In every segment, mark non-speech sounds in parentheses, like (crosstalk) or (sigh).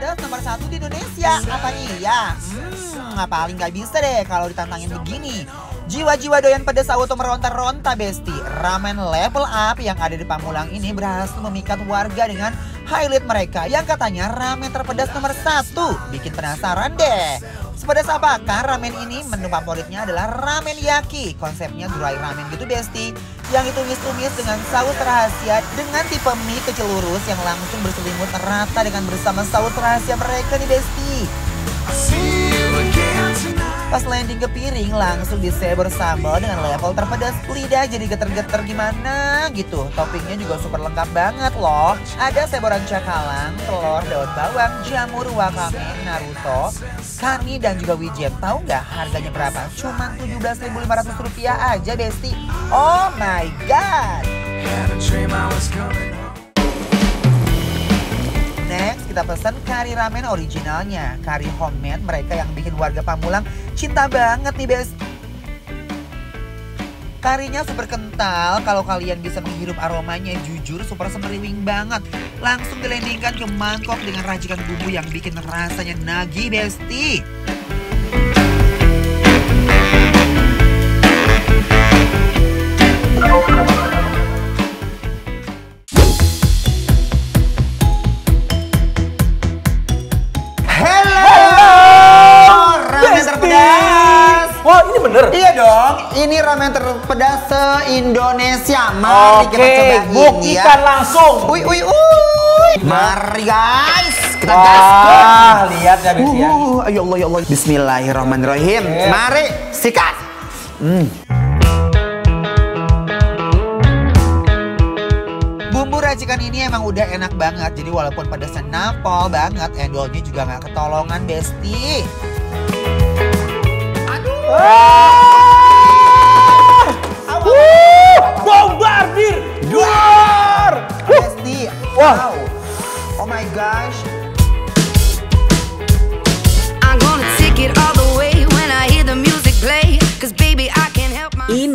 pedas nomor satu di Indonesia. Apa iya? Hmm, apa ah, paling gak bisa deh kalau ditantangin begini. Jiwa-jiwa doyan pedas auto meronta-ronta besti. Ramen level up yang ada di Pamulang ini berhasil memikat warga dengan highlight mereka yang katanya ramen terpedas nomor satu. Bikin penasaran deh siapa apakah ramen ini? Menu favoritnya adalah ramen yaki. Konsepnya dry ramen gitu besti. Yang itu tumis dengan saus rahasia dengan tipe mie kecil lurus yang langsung berselimut rata dengan bersama saus rahasia mereka nih besti. Pas landing ke piring langsung disebar sambal dengan level terpedas. Lidah jadi geter-geter gimana gitu. Toppingnya juga super lengkap banget loh. Ada seboran cakalang, telur, daun bawang, jamur wakame, naruto, kami dan juga wijen. Tahu nggak harganya berapa? cuma tujuh belas lima ratus rupiah aja Besti. Oh my god kita pesan kari ramen originalnya, kari homemade mereka yang bikin warga Pamulang cinta banget nih bes. Karinya super kental, kalau kalian bisa menghirup aromanya jujur super semeriwing banget. Langsung dilendingkan ke mangkok dengan racikan bumbu yang bikin rasanya nagih besti. bener? Iya dong, ini ramen terpedas se-Indonesia. Mari Oke, kita coba buktikan ya. langsung. Uy, uy, uy. Mari guys, kita Wah, lihat ya, Bes ya. uh, ya. Ya Allah, ya Allah. Bismillahirrahmanirrahim. Okay. Mari, sikat. Hmm. racikan ini emang udah enak banget. Jadi walaupun pedasnya senapol banget, endolnya juga nggak ketolongan, Besti. Aduh.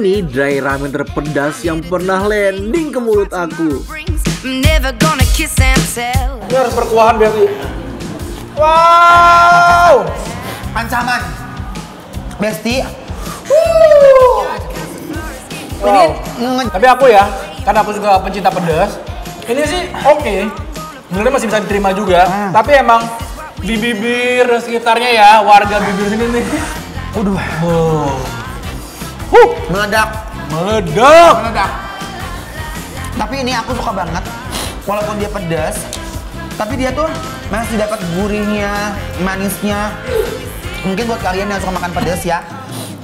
ini dry ramen terpedas yang pernah landing ke mulut aku. Ini harus perkuahan berarti. Wow! Ancaman. Besti. Wow. Ini tapi aku ya, karena aku juga pencinta pedas. Ini sih oke. Okay. Sebenarnya masih bisa diterima juga, hmm. tapi emang di bibir sekitarnya ya warga bibir sini nih. Waduh. Wow. Huh, meledak. Meledak. Meledak. Tapi ini aku suka banget. Walaupun dia pedas, tapi dia tuh masih dapat gurihnya, manisnya. Mungkin buat kalian yang suka makan pedas ya,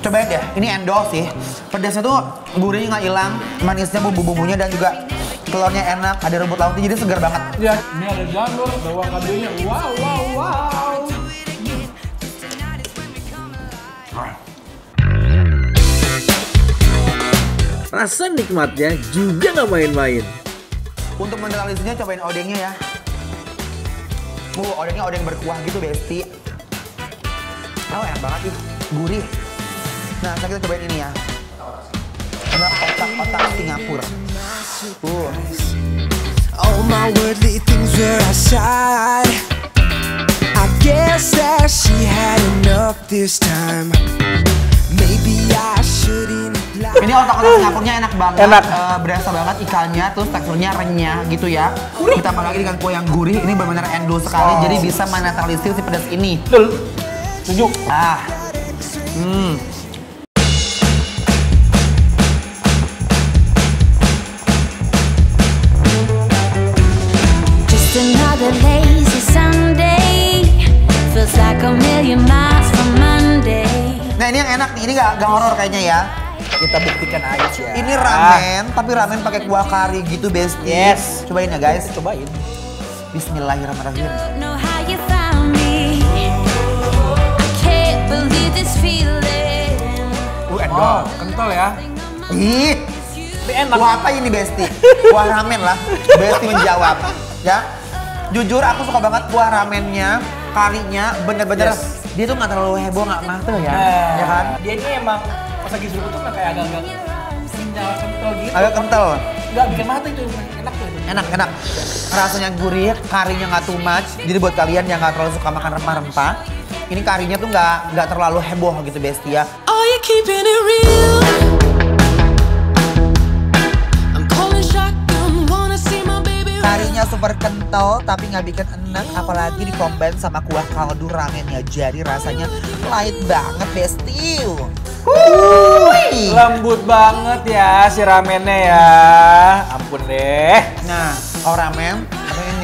coba ya Ini endol sih. Pedasnya tuh gurihnya nggak hilang, manisnya bumbu-bumbunya dan juga telurnya enak, ada rumput lautnya jadi segar banget. Ya, ini ada jamur, bawa kadonya. Wow, wow, wow. Rasa nikmatnya juga nggak main-main. Untuk menetralisirnya cobain odengnya ya. Uh, odengnya odeng berkuah gitu, Besti. Oh, enak banget sih. Gurih. Nah, sekarang kita cobain ini ya. Ini otak-otak Singapura. Uh. All my worldly things were aside I guess that she had enough this time Maybe I shouldn't ini otak-otak Singapurnya enak banget. Enak. Uh, berasa banget ikannya, terus teksturnya renyah gitu ya. Gurih. Ditambah lagi dengan kue yang gurih, ini benar-benar endo sekali. Oh. Jadi bisa menetralisir si pedas ini. Betul. Setuju. Ah. Hmm. Nah ini yang enak nih, ini gak, gak horor kayaknya ya kita buktikan aja. Ini ramen, ah. tapi ramen pakai kuah kari gitu, bestie. Yes. Cobain ya, guys. Cobain. Bismillahirrahmanirrahim. Uh, Oh. Kental ya. Ih. Enak. Kuah apa ini, Besti? Kuah ramen lah. Besti menjawab. Ya. Jujur aku suka banget kuah ramennya, karinya bener-bener yes. dia tuh nggak terlalu heboh nggak mantel ya, Yeah. ya kan? Dia ini emang pas lagi seruput tuh kayak agak-agak kenyal kental gitu. Agak kental. Enggak bikin mata itu enak tuh. Gitu. Enak, enak. Rasanya gurih, karinya nggak too much. Jadi buat kalian yang nggak terlalu suka makan rempah-rempah, ini karinya tuh nggak nggak terlalu heboh gitu bestia. Oh, Karinya super kental tapi nggak bikin enak apalagi dikombin sama kuah kaldu ramennya jadi rasanya light banget bestiu. Lembut banget ya si ramennya ya. Ampun deh. Nah, oh ramen apa ini?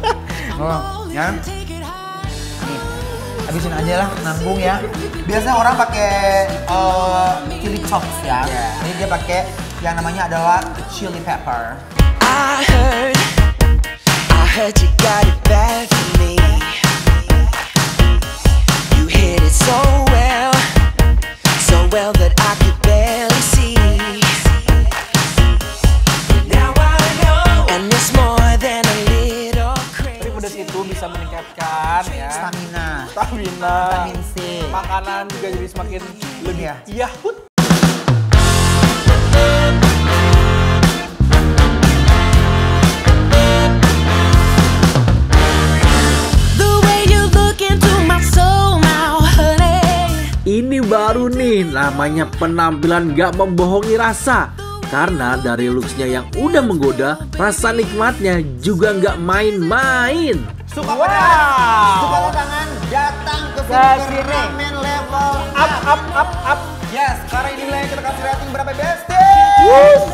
(laughs) oh, ya. Nih, habisin aja lah, nanggung ya. Biasanya orang pakai uh, chili chops ya. Yeah. Ini dia pakai yang namanya adalah chili pepper. well that I bisa meningkatkan ya. Stamina. Stamina. Vitamin C. Makanan juga jadi semakin lebih ya. hut. Ini baru nih namanya penampilan gak membohongi rasa karena dari looksnya yang udah menggoda, rasa nikmatnya juga gak main-main. Suka wow. pada suka tangan datang ke nah, sini ke ramen level up. Up, up, up, up. Yes, karena ini lagi kita kasih rating berapa bestie? Yes.